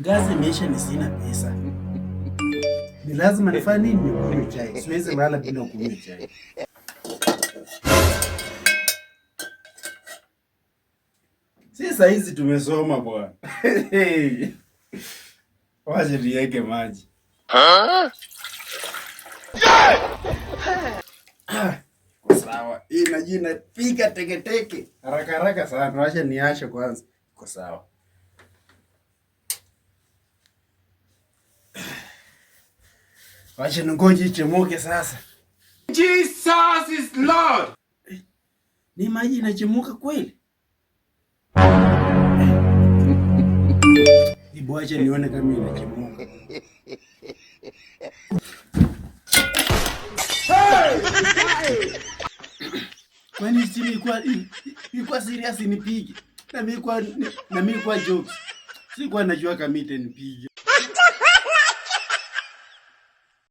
Gazi imeisha ni sina pesa. Ni lazima nifanye nini nikunywe chai? Siwezi lala bila kunywa chai. Si saizi hizi tumesoma bwana. Waje niweke maji. Sawa. Hii maji inapiga teketeke haraka haraka sana. Wacha niashe kwanza. Kwa sawa. Wacha ningoje ichemuke sasa. Jesus is Lord. Eh, ni maji inachemuka kweli? Eh. Ibu, wacha nione kama inachemuka. Kwani si ilikuwa ilikuwa serious nipige? Na mimi kwa na mimi kwa jokes. Sikuwa najua kama itanipige.